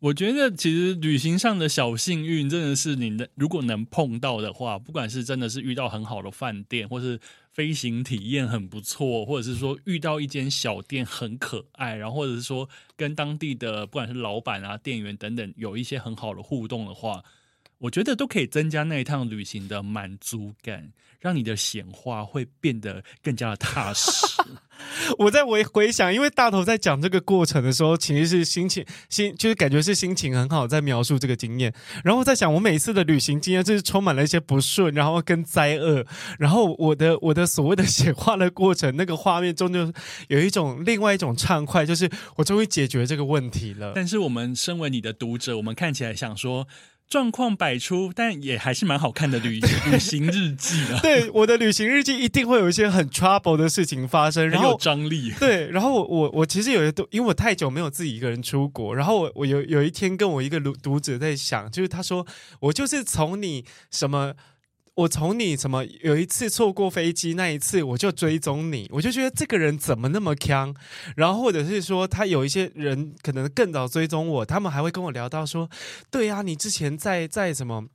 我覺得其實旅行上的小幸運，真的是你的如果能碰到的話，不管是真的是遇到很好的飯店，或是飛行體驗很不錯，或者是說遇到一間小店很可愛，然後或者是說跟當地的不管是老闆啊、店員等等有一些很好的互動的話，我覺得都可以增加那一趟旅行的滿足感，讓你的顯化會變得更加的踏實。 我在回回想，因為大頭在講這個過程的時候，其實是心情心就是感覺是心情很好，在描述這個經驗。然後我在想，我每次的旅行經驗，就是充滿了一些不順，然後跟災厄。然後我的我的所謂的顯化的過程，那個畫面中就有一種另外一種暢快，就是我終於解決這個問題了。但是我們身為你的讀者，我們看起來想說。狀況百出，但也還是蠻好看的旅 對旅行日記啊！對，我的旅行日記一定會有一些很 trouble 的事情發生，然後有張力。對，然後我我我其實有一，因為我太久沒有自己一個人出國，然後我我有有一天跟我一個讀讀者在想，就是他說我就是從你什麼。我從你什麼有一次錯過飛機那一次，我就追蹤你，我就覺得這個人怎麼那麼坑。然後或者是說，他有一些人可能更早追蹤我，他們還會跟我聊到說，對呀，你之前在在什麼，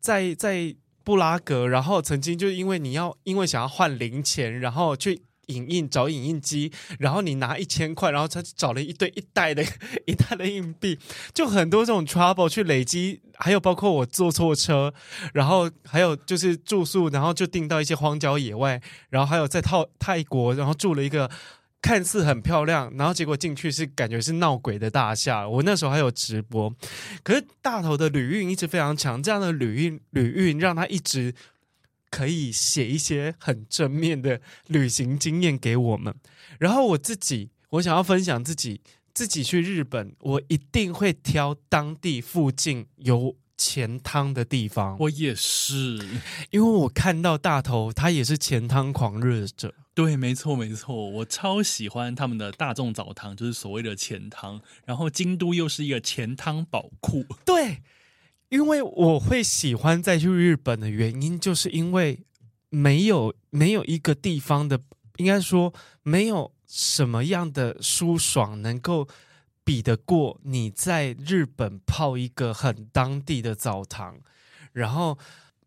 在在布拉格，然後曾經就是因為你要因為想要換零錢，然後去。影印找影印機，然後你拿一千塊，然後他找了一堆一袋的一袋的硬幣，就很多這種 trouble 去累積，還有包括我坐錯車，然後還有就是住宿，然後就訂到一些荒郊野外，然後還有在泰泰國，然後住了一個看似很漂亮，然後結果進去是感覺是鬧鬼的大廈，我那時候還有直播，可是大頭的旅運一直非常強，這樣的旅運旅運讓他一直。可以寫一些很正面的旅行經驗給我們。然後我自己，我想要分享自己自己去日本，我一定會挑當地附近有錢湯的地方。我也是，因為我看到大頭他也是錢湯狂熱者。對，沒錯沒錯，我超喜歡他們的大眾澡堂，就是所謂的錢湯。然後京都又是一個錢湯寶庫。對。因為我會喜歡再去日本的原因，就是因為沒有沒有一個地方的，應該說沒有什麼樣的舒爽能夠比得過你在日本泡一個很當地的澡堂，然後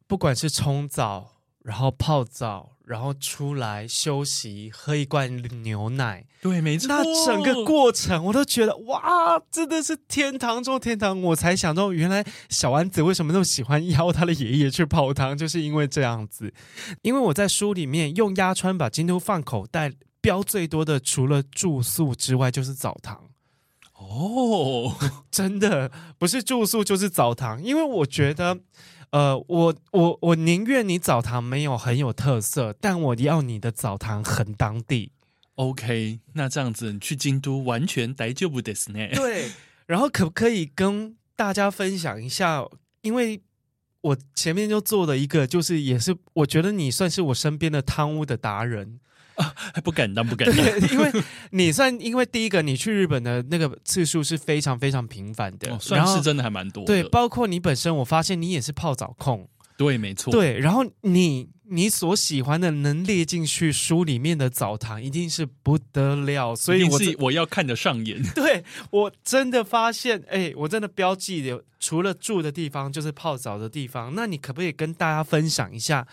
不管是沖澡。然後泡澡，然後出來休息，喝一罐牛奶。對，沒錯，那整個過程我都覺得，哇，真的是天堂中天堂！我才想到，原來小丸子為什麼那麼喜歡邀他的爺爺去泡湯，就是因為這樣子。因為我在書裡面用鴨川把京都放口袋標最多的，除了住宿之外，就是澡堂。哦， 真的不是住宿就是澡堂，因為我覺得。呃，我我我寧願你澡堂沒有很有特色，但我要你的澡堂很當地。OK，那這樣子你去京都完全大丈夫ですね。對，然後可不可以跟大家分享一下？因為我前面就做了一個，就是也是我覺得你算是我身邊的湯屋的達人。啊，不敢當，不敢當。因為你算，因為第一個你去日本的那個次數是非常非常頻繁的。哦，算是真的還蠻多。對，包括你本身，我發現你也是泡澡控。對，沒錯。對，然後你你所喜歡的能列進去書裡面的澡堂，一定是不得了。所以我是我要看得上眼。對，我真的發現，哎，我真的標記的，除了住的地方，就是泡澡的地方。那你可不可以跟大家分享一下，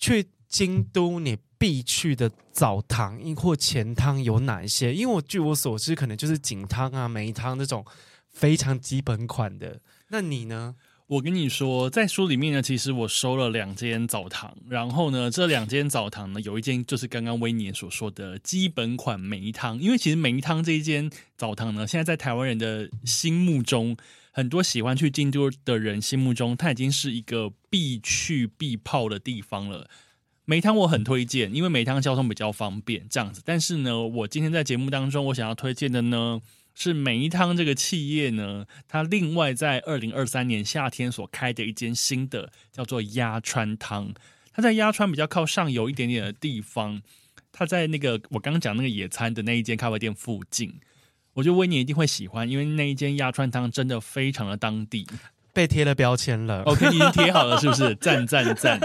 去京都你必去的澡堂亦或錢湯有哪一些？因為我據我所知，可能就是錦湯啊、梅湯這種非常基本款的。那你呢？我跟你說，在書裡面呢，其實我收了兩間澡堂，然後呢，這兩間澡堂呢，有一間就是剛剛威年所說的基本款梅湯，因為其實梅湯這一間澡堂呢，現在在台灣人的心目中，很多喜歡去京都的人心目中，它已經是一個必去必泡的地方了。梅湯我很推薦，因為梅湯交通比較方便這樣子。但是呢，我今天在節目當中，我想要推薦的呢是梅湯這個企業呢，它另外在二零二三年夏天所開的一間新的叫做鴨川湯，它在鴨川比較靠上游一點點的地方，它在那個我剛剛講那個野餐的那一間咖啡店附近，我覺得威尼一定會喜歡，因為那一間鴨川湯真的非常的當地。被貼了標籤了，OK，已經貼好了，是不是？讚讚讚！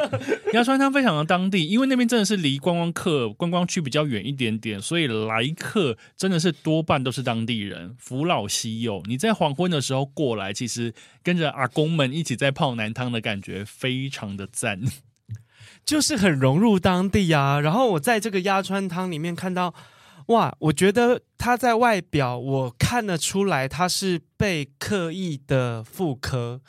鴨川湯非常的當地，因為那邊真的是離觀光客觀光區比較遠一點點，所以來客真的是多半都是當地人，扶老攜幼。你在黃昏的時候過來，其實跟着阿公們一起在泡男湯的感覺非常的讚，就是很融入當地啊。然後我在這個鴨川湯裡面看到。哇，我覺得他在外表我看得出來，他是被刻意的復刻，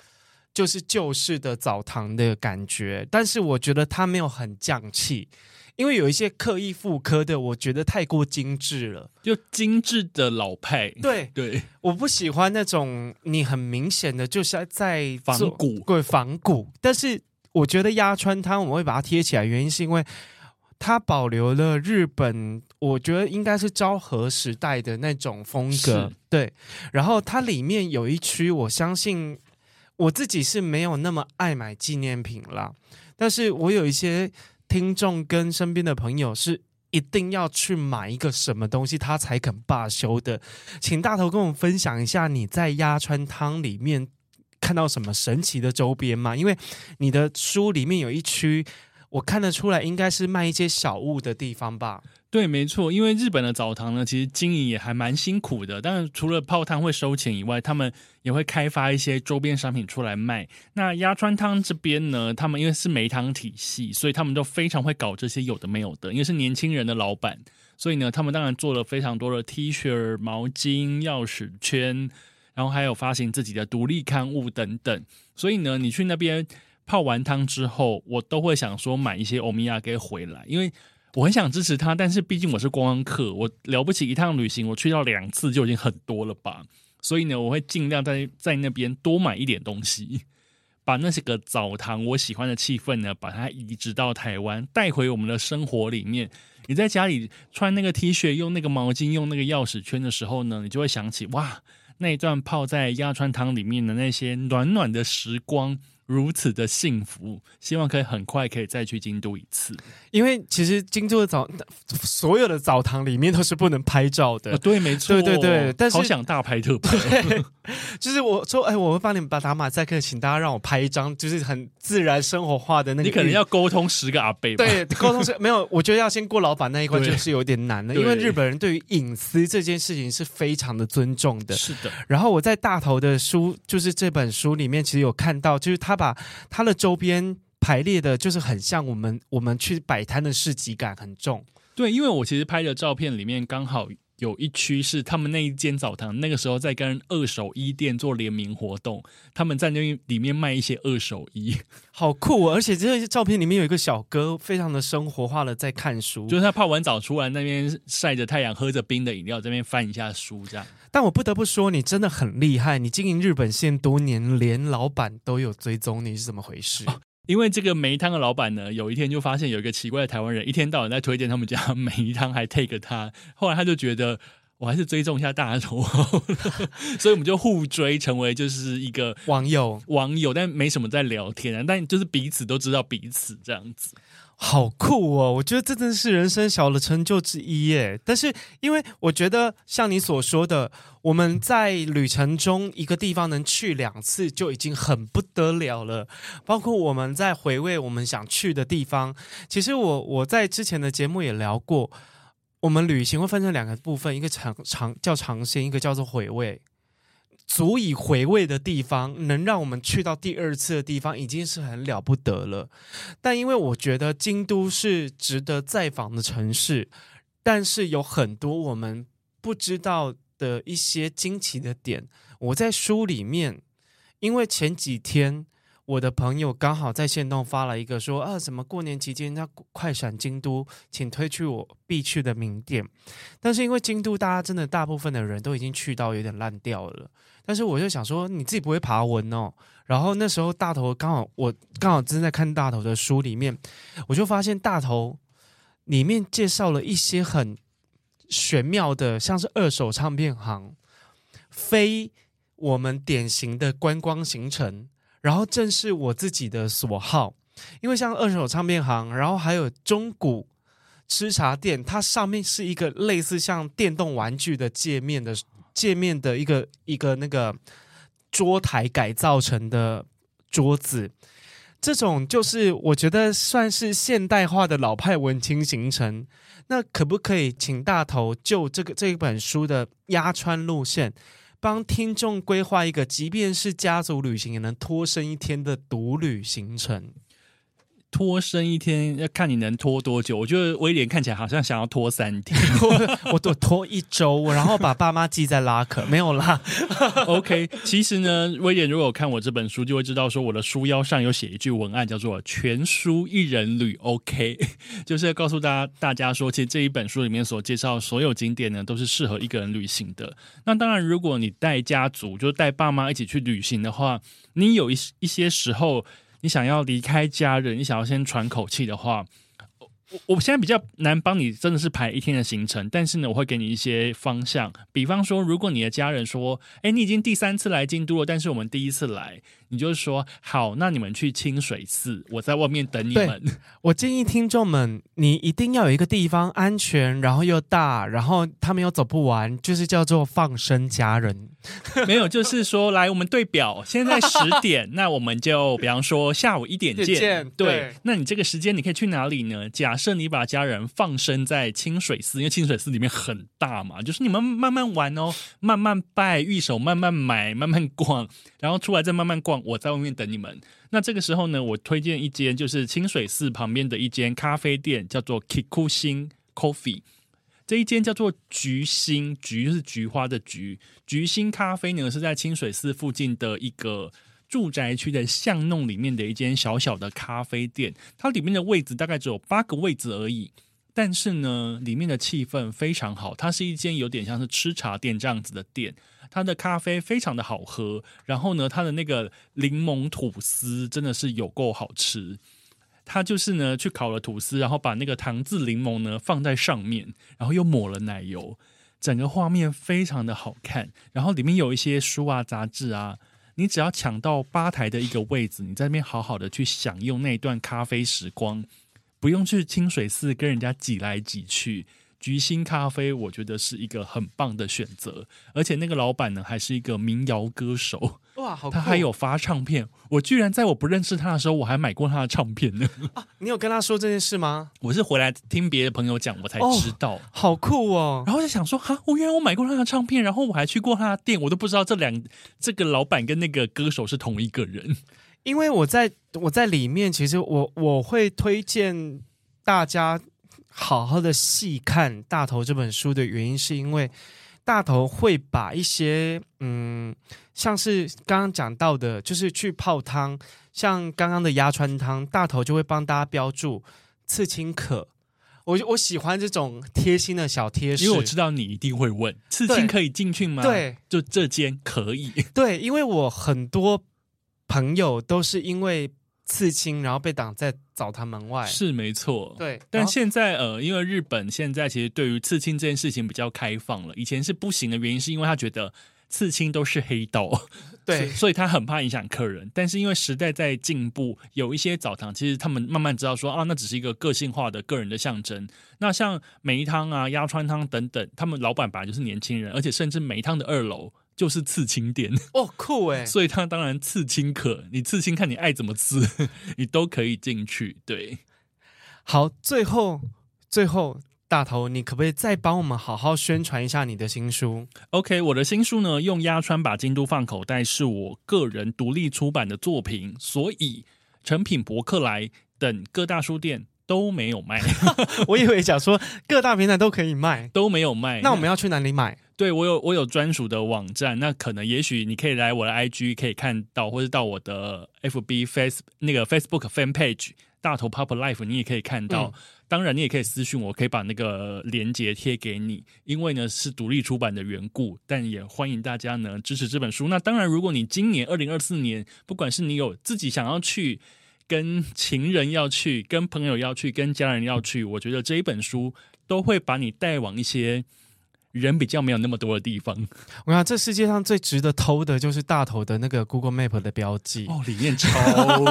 就是舊式的澡堂的感覺。但是我覺得他沒有很匠氣，因為有一些刻意復刻的，我覺得太過精緻了，就精緻的老派。對對，對我不喜歡那種你很明顯的就是在仿，仿古，對仿古。但是我覺得鴨川湯我們會把它貼起來，原因是因為。它保留了日本，我覺得應該是昭和時代的那種風格，是對。然後它裡面有一區，我相信我自己是沒有那麼愛買紀念品了，但是我有一些聽眾跟身邊的朋友是一定要去買一個什麼東西，他才肯罷休的。請大頭跟我們分享一下你在鴨川湯裡面看到什麼神奇的周邊嗎？因為你的書裡面有一區。我看得出來，應該是賣一些小物的地方吧。對，沒錯，因為日本的澡堂呢，其實經營也還蠻辛苦的。但是除了泡湯會收錢以外，他們也會開發一些周邊商品出來賣。那鴨川湯這邊呢，他們因為是梅湯體系，所以他們都非常會搞這些有的沒有的。因為是年輕人的老闆，所以呢，他們當然做了非常多的 T 恤、毛巾、鑰匙圈，然後還有發行自己的獨立刊物等等。所以呢，你去那邊。泡完湯之後，我都會想說買一些歐米亞給回來，因為我很想支持他。但是畢竟我是觀光客，我了不起一趟旅行，我去到兩次就已經很多了吧。所以呢，我會盡量在在那邊多買一點東西，把那些個澡堂我喜歡的氣氛，呢，把它移植到台灣，帶回我們的生活裡面。你在家裡穿那個 T 恤，用那個毛巾，用那個鑰匙圈的時候呢，你就會想起哇，那一段泡在鴨川湯裡面的那些暖暖的時光。如此的幸福，希望可以很快可以再去京都一次，因為其實京都的澡所有的澡堂裡面都是不能拍照的，啊、對，沒錯、哦，對對對，但是好想大拍特拍，就是我說，哎，我會幫你們把打馬賽克，請大家讓我拍一張，就是很自然生活化的那個，你可能要溝通十個阿伯，對，溝通是沒有，我覺得要先過老闆那一關就是有點難的，對因為日本人對於隱私這件事情是非常的尊重的，是的。然後我在大頭的書，就是這本書裡面，其實有看到，就是他。它的周邊排列的，就是很像我們我們去擺攤的市集感很重。對，因為我其實拍的照片裡面剛好。有一區是他們那一間澡堂，那個時候在跟二手衣店做聯名活動，他們在那裡面賣一些二手衣，好酷哦！而且這些照片裡面有一個小哥，非常的生活化的在看書，就是他泡完澡出來那邊曬着太陽，喝着冰的飲料，這邊翻一下書這樣。但我不得不說，你真的很厲害，你經營日本線多年，連老闆都有追蹤你是怎麼回事？哦因為這個梅湯的老闆呢，有一天就發現有一個奇怪的台灣人，一天到晚在推薦他們家梅湯，還 tag 他。後來他就覺得，我還是追蹤一下大頭， 所以我們就互追，成為就是一個網友，網友，但沒什麼在聊天，啊，但就是彼此都知道彼此這樣子。好酷哦！我覺得這真是人生小的成就之一耶。但是，因為我覺得像你所說的，我們在旅程中一個地方能去兩次就已經很不得了了。包括我們在回味我們想去的地方。其實我，我我在之前的節目也聊過，我們旅行會分成兩個部分：一個長長叫長線，一個叫做回味。足以回味的地方，能讓我們去到第二次的地方，已經是很了不得了。但因為我覺得京都是值得再訪的城市，但是有很多我們不知道的一些驚奇的點。我在書裡面，因為前幾天我的朋友剛好在限動發了一個說啊，什麼過年期間要快閃京都，請推去我必去的名店。但是因為京都，大家真的大部分的人都已經去到有點爛掉了。但是我就想說，你自己不會爬文哦？然後那時候大頭剛好，我剛好正在看大頭的書裡面，我就發現大頭裡面介紹了一些很玄妙的，像是二手唱片行、非我們典型的觀光行程，然後正是我自己的所好。因為像二手唱片行，然後還有中古吃茶店，它上面是一個類似像電動玩具的界面的。界面的一個一個那個桌台改造成的桌子，這種就是我覺得算是現代化的老派文青行程。那可不可以請大頭就這個這一本書的鴨川路線，幫聽眾規劃一個，即便是家族旅行也能脫身一天的獨旅行程？脫身一天要看你能脫多久，我覺得威廉看起來好像想要脫三天，我 我脫一周，我然後把爸媽寄在 locker 沒有啦。 OK，其實呢，威廉如果看我這本書，就會知道說我的書腰上有寫一句文案，叫做“全書一人旅”。OK， 就是要告訴大家，大家說其實這一本書裡面所介紹的所有景點呢，都是適合一個人旅行的。那當然，如果你帶家族，就帶爸媽一起去旅行的話，你有一一些時候。你想要離開家人，你想要先喘口氣的話，我我現在比較難幫你，真的是排一天的行程。但是呢，我會給你一些方向。比方說，如果你的家人說：“哎，你已經第三次來京都了，但是我們第一次來。”你就說：“好，那你們去清水寺，我在外面等你們。”我建議聽眾們，你一定要有一個地方安全，然後又大，然後他們又走不完，就是叫做放生家人。 沒有，就是說，來我們對錶，現在十點， 那我們就比方說下午一點見。點見。對、對，那你這個時間你可以去哪裡呢？假設你把家人放生在清水寺，因為清水寺裡面很大嘛，就是你們慢慢玩哦，慢慢拜，玉手慢慢買，慢慢逛，然後出來再慢慢逛，我在外面等你們。那這個時候呢，我推薦一間就是清水寺旁邊的一間咖啡店，叫做 Kikushin Coffee。這一間叫做菊心，菊是菊花的菊，菊心咖啡呢，是在清水寺附近的一個住宅區的巷弄裡面的一間小小的咖啡店。它裡面的位置大概只有八個位子而已，但是呢，裡面的氣氛非常好。它是一間有點像是吃茶店這樣子的店，它的咖啡非常的好喝，然後呢，它的那個檸檬吐司真的是有夠好吃。他就是呢，去烤了吐司，然後把那個糖漬檸檬呢放在上面，然後又抹了奶油，整個畫面非常的好看。然後裡面有一些書啊、雜誌啊，你只要搶到吧台的一個位置，你在那邊好好的去享用那一段咖啡時光，不用去清水寺跟人家擠來擠去。菊心咖啡，我覺得是一個很棒的選擇，而且那個老板呢，還是一個民謠歌手。哇，好酷，他還有發唱片，我居然在我不認識他的時候，我還買過他的唱片呢。啊，你有跟他說這件事嗎？我是回來聽別的朋友講，我才知道，哦，好酷哦。然後就想說，哈，我原來我買過他的唱片，然後我還去過他的店，我都不知道這兩這個老闆跟那個歌手是同一個人。因為我在我在裡面，其實我我會推薦大家好好的細看《大頭》這本書的原因，是因為。大頭會把一些嗯，像是剛剛講到的，就是去泡湯，像剛剛的鴨川湯，大頭就會幫大家標注刺青可。我我喜歡這種貼心的小貼士，因為我知道你一定會問：刺青可以進去嗎？對，就這間可以。對，因為我很多朋友都是因為。刺青，然後被擋在澡堂門外，是沒錯。對，但現在後呃，因為日本現在其實對於刺青這件事情比較開放了。以前是不行的原因，是因為他覺得刺青都是黑道，對所，所以他很怕影響客人。但是因為時代在進步，有一些澡堂其實他們慢慢知道說啊，那只是一個個性化的個人的象徵。那像梅湯啊、鴨川湯等等，他們老板本來就是年輕人，而且甚至梅湯的二樓。就是刺青店哦，酷誒、oh, cool 欸。所以他當然刺青可，你刺青看你愛怎麼刺，你都可以進去。對，好，最後最後，大頭，你可不可以再幫我們好好宣傳一下你的新書？OK，我的新書呢，用鴨川把京都放口袋，是我個人獨立出版的作品，所以誠品、博客來等各大書店都沒有賣。 我以為想說各大平台都可以賣，都沒有賣。那我們要去哪裡買？對，我有我有專屬的網站，那可能也許你可以來我的 IG 可以看到，或是到我的 FB face 那個 Facebook fan page 大頭 Pop Life 你也可以看到。嗯、當然你也可以私訊我，可以把那個連結貼給你，因為呢是獨立出版的緣故，但也歡迎大家呢支持這本書。那當然，如果你今年二零二四年，不管是你有自己想要去跟情人要去，跟朋友要去，跟家人要去，嗯、我覺得這一本書都會把你帶往一些。人比較沒有那麼多的地方。我想這世界上最值得偷的就是大頭的那個 Google Map 的標記。哦，裡面超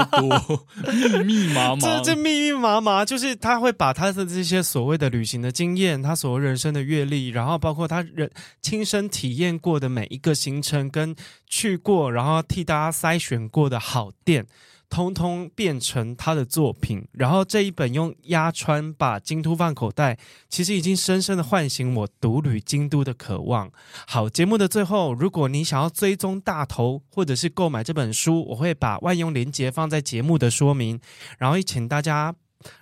多， 密密麻麻這，這這密密麻麻就是他會把他的這些所謂的旅行的經驗，他所人生的閱歷，然後包括他人親身體驗過的每一個行程跟去過，然後替大家篩選過的好店。通通變成他的作品，然後這一本用鴨川，把京都放口袋，其實已經深深的喚醒我獨旅京都的渴望。好，節目的最後，如果你想要追蹤大頭或者是購買這本書，我會把萬用連結放在節目的說明。然後也請大家，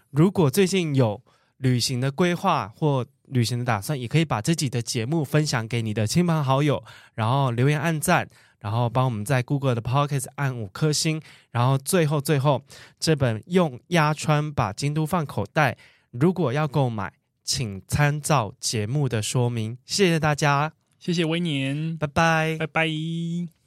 如果最近有旅行的規劃或旅行的打算，也可以把自己的節目分享給你的親朋好友，然後留言按讚。然後幫我們在 Google 的 Podcast 按五顆星，然後最後最後這本用鴨川把京都放口袋，如果要購買，請參照節目的說明。謝謝大家，謝謝威廉，拜拜 bye，拜拜。